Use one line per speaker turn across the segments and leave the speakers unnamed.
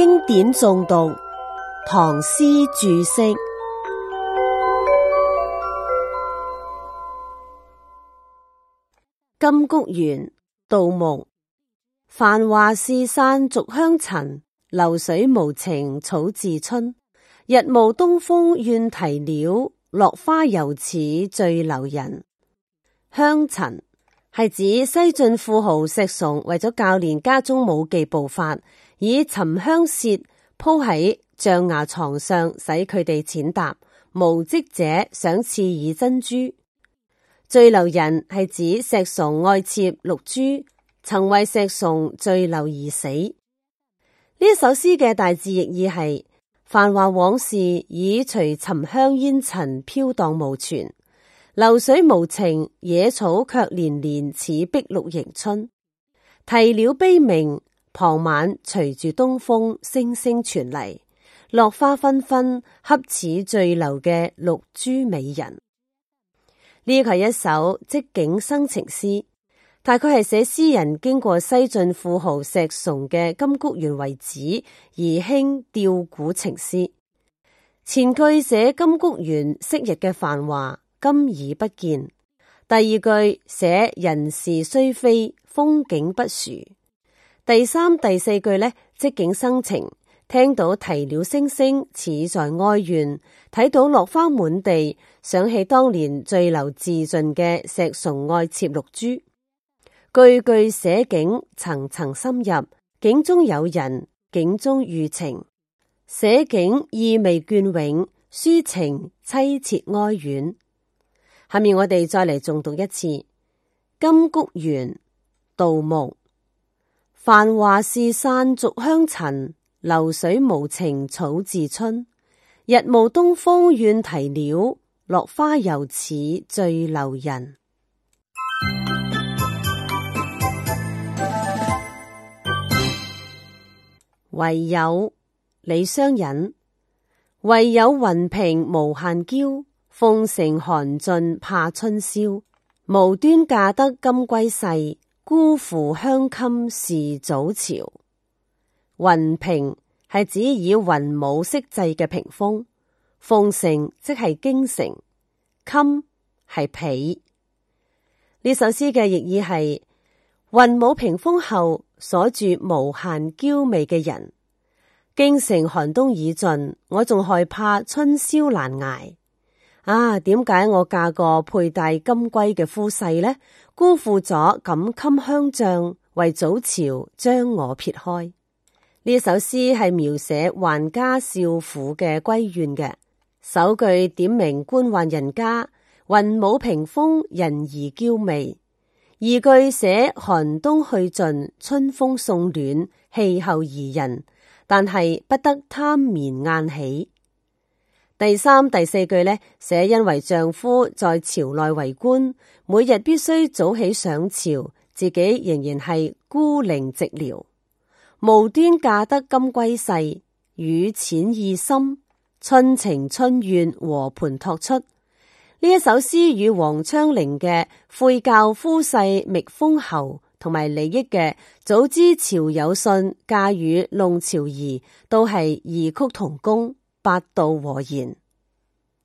經典誦讀，唐詩注釋。金谷園，杜牧。繁華事散逐香塵，流水無情草自春。日暮東風怨啼鳥，落花猶似墜樓人。香塵係指西晉富豪石崇為咗教練家中武技步法。以沉香屑鋪喺象牙床上，使佢哋踐踏；無跡者想賜以珍珠。墜樓人係指石崇愛妾六珠，曾為石崇墜樓而死。呢首詩嘅大致意義係：繁華往事已隨沉香煙塵飄蕩無存，流水無情，野草卻連連似碧綠迎春。啼鳥悲鳴。傍晚隨住東風聲聲傳嚟，落花紛紛恰似墜流嘅綠珠美人。呢個係一首即景生情詩，大概係寫詩人經過西晉富豪石崇嘅金谷園遺址而興弔古情詩。前句寫金谷園昔日嘅繁華今已不見，第二句寫人事雖非，風景不殊。第三、第四句呢，即景生情，聽到啼鳥聲聲似在哀怨，睇到落花滿地，想起當年墜樓自盡嘅石崇愛妾綠珠。句句寫景，層層深入，景中有人，景中寓情，寫景意味雋永，抒情淒切哀怨。下面我哋再嚟重讀一次《金谷園》，杜牧。繁華事散，逐香塵；流水無情，草自春。日暮東風怨啼鳥，落花猶似醉留人 唯。唯有李商隱，唯有雲屏無限嬌。鳳城寒盡怕春宵，無端嫁得金龜婿。孤負香衾事早朝，雲屏係指以雲母色製嘅屏風，鳳城即係京城，衾係被。呢首詩嘅譯意係雲母屏風後鎖住無限嬌美嘅人，京城寒冬已盡，我仲害怕春宵難捱。啊，點解我嫁個佩戴金龜嘅夫婿呢？辜負咗錦衾香帳，為早朝將我撇開。呢首詩係描寫還家少婦嘅歸怨嘅。首句點明官宦人家，雲母屏風人兒嬌媚。二句寫寒冬去盡，春風送暖，氣候宜人，但係不得貪眠晏起。第三、第四句呢，寫因為丈夫在朝內為官，每日必須早起上朝，自己仍然係孤零寂寥。無端嫁得金龜婿，與淺意深，春情春怨和盤托出。呢一首詩與王昌齡嘅《悔教夫婿覓封侯》同埋李益嘅《早知潮有信，嫁與弄潮兒》都係異曲同工。八度和言，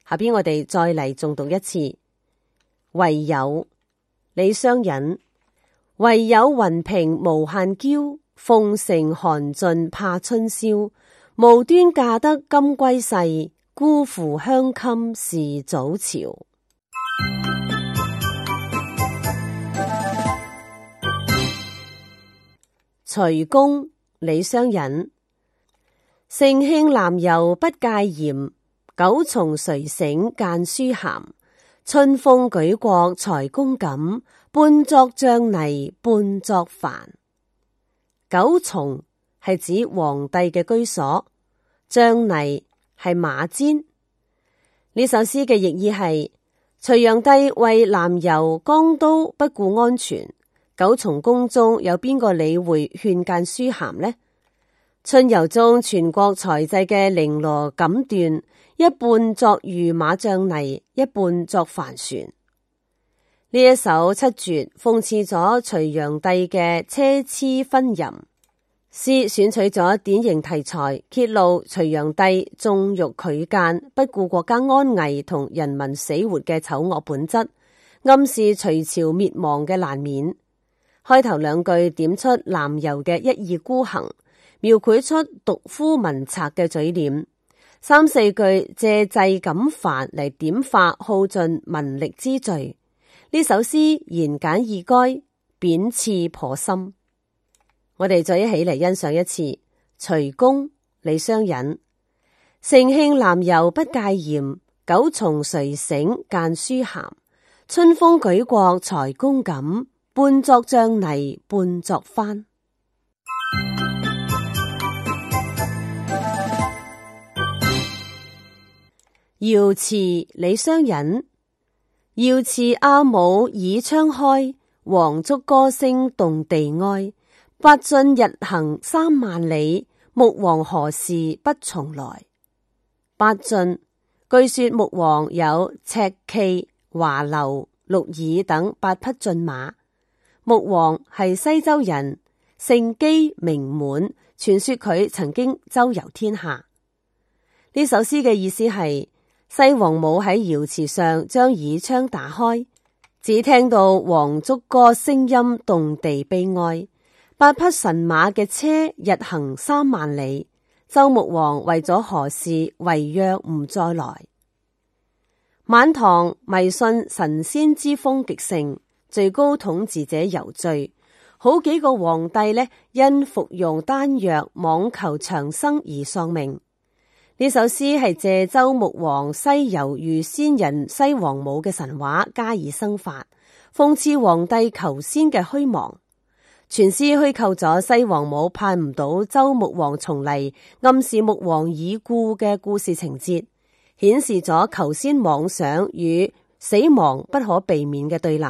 下邊我哋再嚟重讀一次。唯有李商隱，唯有雲屏無限嬌，鳳城寒盡怕春宵。無端嫁得金龜婿，辜負香衾事早朝。 徐公李商隱。盛興南遊不戒嚴，九重誰省諫書函？春風舉國裁宮錦，半作障泥半作帆。九重係指皇帝嘅居所，障泥係馬氈。呢首詩嘅譯意係隋煬帝為南遊江都不顧安全，九重宮中有邊個理會勸諫書函呢？春遊中，全國裁製嘅綾羅錦緞，一半作御馬障泥，一半作帆船。呢一首七絕諷刺咗隋煬帝嘅奢侈昏淫詩，詩選取咗典型題材，揭露隋煬帝縱欲拒諫，不顧國家安危同人民死活嘅醜惡本質，暗示隋朝滅亡嘅難免。開頭兩句點出南遊嘅一意孤行。描繪出獨夫民賊嘅嘴臉，三四句借濟感罰嚟點化耗盡民力之罪。呢首詩言簡意賅，貶刺頗深。我哋再一起嚟欣賞一次。隋宮李商隱，乘興南遊不戒嚴，九重誰省諫書函？春風舉國裁宮錦，半作障泥半作帆。瑤池李商隱，瑤池阿母以窗開。黃竹歌聲動地哀，八駿日行三萬里。穆王何時不重來？八駿據說穆王有赤騎、華騮、綠耳等八匹駿馬。穆王係西周人，姓姬名滿。傳說佢曾經周遊天下。呢首詩嘅意思係。西王母喺瑤池上將綺窗打開，只聽到黃竹歌，聲音動地悲哀。八匹神馬嘅車日行三萬里。周穆王為咗何事違約唔再來？晚唐迷信神仙之風極盛，最高統治者尤最，好幾個皇帝呢，因服用丹藥，妄求長生而喪命。呢首詩係借周穆王西遊遇仙人西王母嘅神話加以生發，諷刺皇帝求仙嘅虛妄。全詩虛構咗西王母盼唔到周穆王重嚟，暗示穆王已故嘅故事情節，顯示咗求仙妄想與死亡不可避免嘅對立。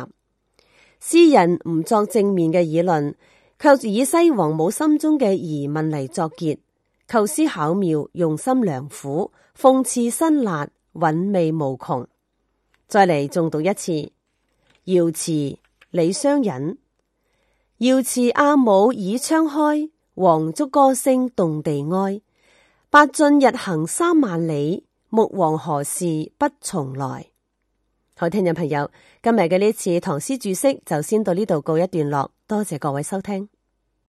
詩人唔作正面嘅議論，卻以西王母心中嘅疑問嚟作結。構思巧妙，用心良苦，諷刺辛辣，韻味無窮。再嚟重讀一次《瑤池》，李商隱。瑤池阿母倚窗開，黃竹歌聲動地哀。八駿日行三萬里，穆王何事不重來？好，聽眾朋友，今日嘅呢次唐詩注釋就先到呢度告一段落，多謝各位收聽。